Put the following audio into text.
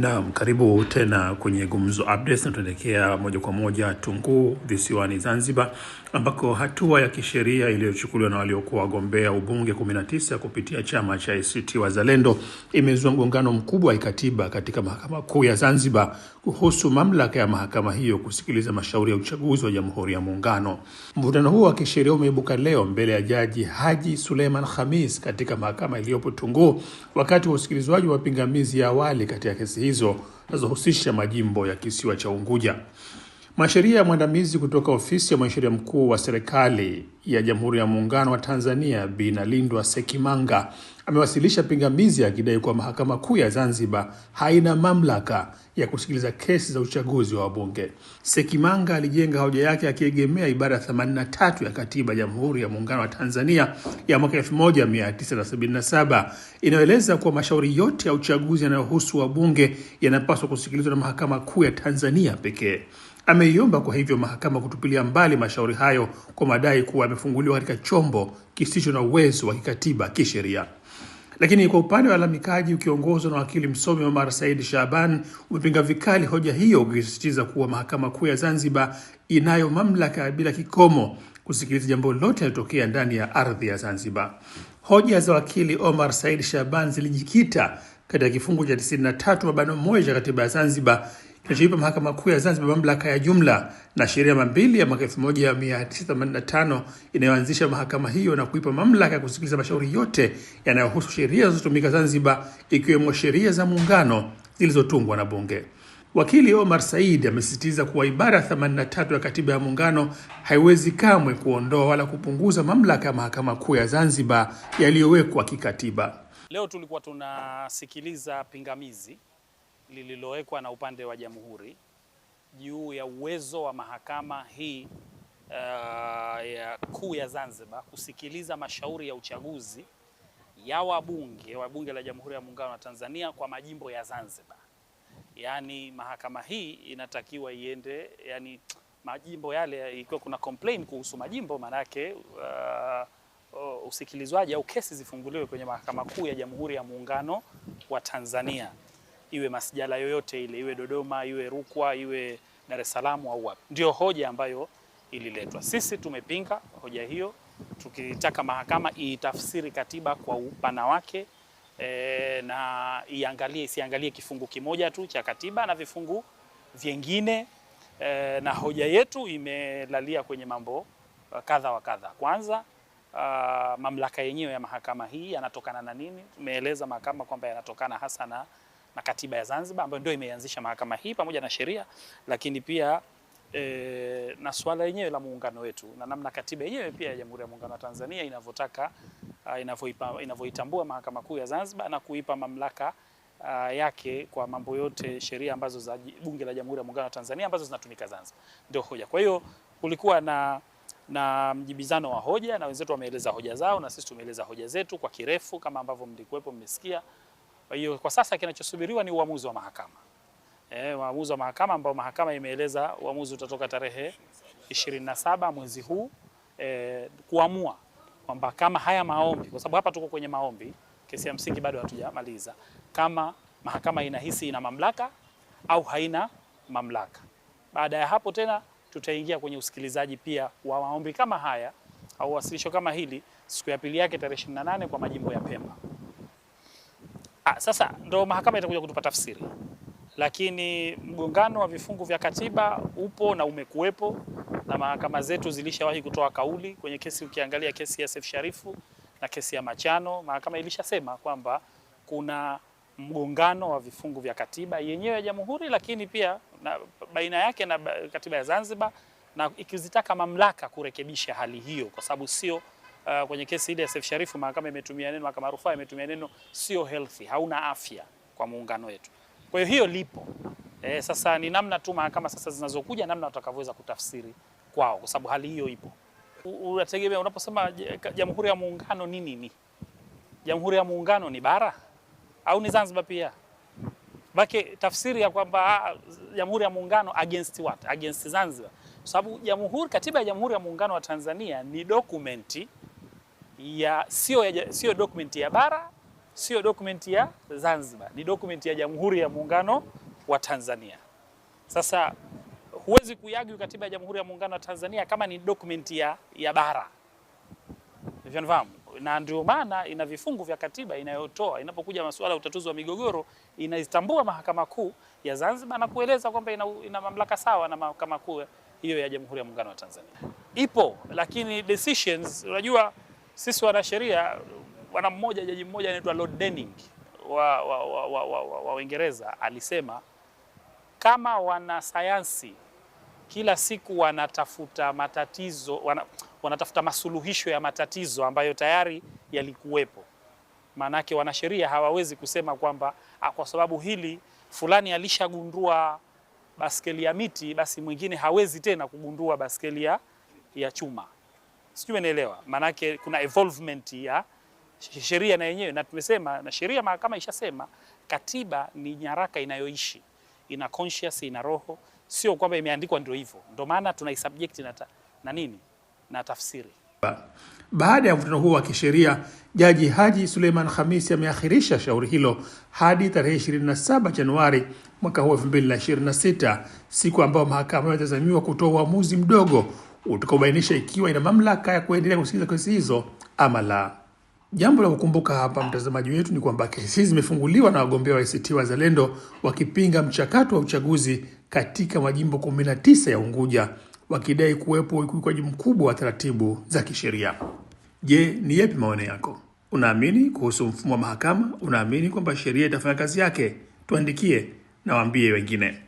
Naam, karibu tena kwenye Gumzo Updates na tuelekea moja kwa moja Tunguu visiwani Zanzibar, ambako hatua ya kisheria iliyochukuliwa na waliokuwa wagombea ubunge 19 kupitia chama cha ACT Wazalendo imezua mgongano mkubwa wa kikatiba katika Mahakama Kuu ya Zanzibar kuhusu mamlaka ya mahakama hiyo kusikiliza mashauri ya uchaguzi wa Jamhuri ya Muungano. Mvutano huo wa kisheria umeibuka leo mbele ya Jaji Haji Suleiman Khamis katika mahakama iliyopo Tunguu wakati wa usikilizwaji wa pingamizi ya awali katika kesi hizo hizo zinazohusisha majimbo ya kisiwa cha Unguja. Mwanasheria mwandamizi kutoka ofisi ya mwanasheria mkuu wa serikali ya Jamhuri ya Muungano wa Tanzania Bi Nalindwa Sekimanga amewasilisha pingamizi akidai kuwa Mahakama Kuu ya Zanzibar haina mamlaka ya kusikiliza kesi za uchaguzi wa wabunge. Sekimanga alijenga hoja yake akiegemea ibara ya 83 ya Katiba ya Jamhuri ya Muungano wa Tanzania ya mwaka 1977 inayoeleza kuwa mashauri yote ya uchaguzi yanayohusu wabunge yanapaswa kusikilizwa na Mahakama Kuu ya Tanzania pekee ameiomba kwa hivyo mahakama kutupilia mbali mashauri hayo kwa madai kuwa yamefunguliwa katika chombo kisicho na uwezo wa kikatiba kisheria. Lakini kwa upande wa alamikaji ukiongozwa na wakili msomi Omar Said Shaban umepinga vikali hoja hiyo, ukisisitiza kuwa mahakama kuu ya Zanzibar inayo mamlaka bila kikomo kusikiliza jambo lote linalotokea ndani ya ardhi ya Zanzibar. Hoja za wakili Omar Said Shaban zilijikita katika kifungu cha 93 mabano moja cha katiba ya Zanzibar kinachoipa mahakama kuu ya Zanzibar mamlaka ya jumla na sheria namba mbili ya mwaka 1985 inayoanzisha mahakama hiyo na kuipa mamlaka ya kusikiliza mashauri yote yanayohusu sheria zinazotumika Zanzibar, ikiwemo sheria za muungano zilizotungwa na Bunge. Wakili Omar Said amesisitiza kuwa ibara 83 ya Katiba ya Muungano haiwezi kamwe kuondoa wala kupunguza mamlaka ya Mahakama Kuu ya Zanzibar yaliyowekwa kikatiba. Leo tulikuwa tunasikiliza pingamizi lililowekwa na upande wa jamhuri juu ya uwezo wa mahakama hii uh, ya kuu ya Zanzibar kusikiliza mashauri ya uchaguzi ya wabunge wa bunge la Jamhuri ya Muungano wa Tanzania kwa majimbo ya Zanzibar. Yaani mahakama hii inatakiwa iende, yani majimbo yale, ikiwa kuna complain kuhusu majimbo, maanake uh, usikilizwaji au kesi zifunguliwe kwenye mahakama kuu ya Jamhuri ya Muungano wa Tanzania iwe masjala yoyote ile, iwe Dodoma, iwe Rukwa, iwe Dar es Salaam au wapi. Ndio hoja ambayo ililetwa. Sisi tumepinga hoja hiyo tukitaka mahakama itafsiri katiba kwa upana wake e, na iangalie isiangalie kifungu kimoja tu cha katiba na vifungu vyengine e, na hoja yetu imelalia kwenye mambo e, kadha wa kadha. Kwanza uh, mamlaka yenyewe ya mahakama hii yanatokana na nini? Tumeeleza mahakama kwamba yanatokana hasa na na katiba ya Zanzibar ambayo ndio imeanzisha mahakama hii pamoja na sheria, lakini pia e, na swala yenyewe la muungano wetu na namna katiba yenyewe pia ya Jamhuri ya Muungano wa Tanzania inavyotaka inavyoitambua mahakama kuu ya Zanzibar na kuipa mamlaka a, yake kwa mambo yote sheria ambazo za Bunge la Jamhuri ya Muungano wa Tanzania ambazo zinatumika Zanzibar, ndio hoja. Kwa hiyo kulikuwa na, na mjibizano wa hoja na wenzetu wameeleza hoja zao na sisi tumeeleza hoja zetu kwa kirefu kama ambavyo mlikuwepo mmesikia. Kwa hiyo kwa sasa kinachosubiriwa ni uamuzi wa mahakama e, uamuzi wa mahakama ambao mahakama imeeleza uamuzi utatoka tarehe 27 mwezi huu e, kuamua kwamba kama haya maombi, kwa sababu hapa tuko kwenye maombi, kesi ya msingi bado hatujamaliza, kama mahakama inahisi ina mamlaka au haina mamlaka. Baada ya hapo tena tutaingia kwenye usikilizaji pia wa maombi kama haya au wasilisho kama hili siku ya pili yake tarehe 28 kwa majimbo ya Pemba. Ha, ah, sasa ndo mahakama itakuja kutupa tafsiri, lakini mgongano wa vifungu vya katiba upo na umekuwepo, na mahakama zetu zilishawahi kutoa kauli kwenye kesi. Ukiangalia kesi ya sefu Sharifu na kesi ya Machano, mahakama ilishasema kwamba kuna mgongano wa vifungu vya katiba yenyewe ya Jamhuri, lakini pia na baina yake na katiba ya Zanzibar, na ikizitaka mamlaka kurekebisha hali hiyo kwa sababu sio uh, kwenye kesi ile ya Seif Sharifu mahakama imetumia neno, mahakama rufaa imetumia neno sio healthy, hauna afya kwa muungano wetu. Kwa hiyo hiyo lipo e, sasa ni namna tu mahakama sasa zinazokuja namna watakavyoweza kutafsiri kwao, kwa sababu hali hiyo ipo. Unategemea unaposema Jamhuri ya Muungano ni nini? Jamhuri ya Muungano ni bara au ni Zanzibar pia? Bake tafsiri ya kwamba ah, Jamhuri ya Muungano against what? Against Zanzibar, kwa sababu jamhuri, katiba ya Jamhuri ya Muungano wa Tanzania ni dokumenti ya sio ya, sio document ya bara, sio document ya Zanzibar, ni dokumenti ya Jamhuri ya Muungano wa Tanzania. Sasa huwezi kuyagi katiba ya Jamhuri ya Muungano wa Tanzania kama ni document ya, ya bara Vyanifahamu? Na ndio maana ina vifungu vya katiba inayotoa inapokuja masuala ya utatuzi wa migogoro, inaitambua mahakama kuu ya Zanzibar na kueleza kwamba ina, ina mamlaka sawa na mahakama kuu hiyo ya Jamhuri ya Muungano wa Tanzania. Ipo lakini decisions, unajua sisi wanasheria bwana mmoja, jaji mmoja anaitwa Lord Denning wa Uingereza wa, wa, wa, wa, wa alisema kama wanasayansi kila siku wanatafuta matatizo wana, wanatafuta masuluhisho ya matatizo ambayo tayari yalikuwepo, maanake wanasheria hawawezi kusema kwamba ah, kwa sababu hili fulani alishagundua baskeli ya miti, basi mwingine hawezi tena kugundua baskeli ya chuma sijui umeelewa. Maanake kuna evolvement ya sheria na yenyewe, na tumesema na sheria, mahakama ishasema katiba ni nyaraka inayoishi, ina conscious, ina roho, sio kwamba imeandikwa ndio hivyo. Ndio maana subject na, na nini na tafsiri. Baada ya mvutano huo wa kisheria, Jaji Haji Suleiman Khamisi ameakhirisha shauri hilo hadi tarehe 27 Januari mwaka huu 2026, siku ambayo mahakama inatazamiwa kutoa uamuzi mdogo utakaobainisha ikiwa ina mamlaka ya kuendelea kusikiliza kesi hizo ama la. Jambo la kukumbuka hapa, mtazamaji wetu, ni kwamba kesi hizi zimefunguliwa na wagombea wa ACT Wazalendo wakipinga mchakato wa uchaguzi katika majimbo 19 ya Unguja, wakidai kuwepo ukiukaji mkubwa wa taratibu za kisheria. Je, ni yepi maoni yako? Unaamini kuhusu mfumo wa mahakama? Unaamini kwamba sheria itafanya kazi yake? Tuandikie na waambie wengine.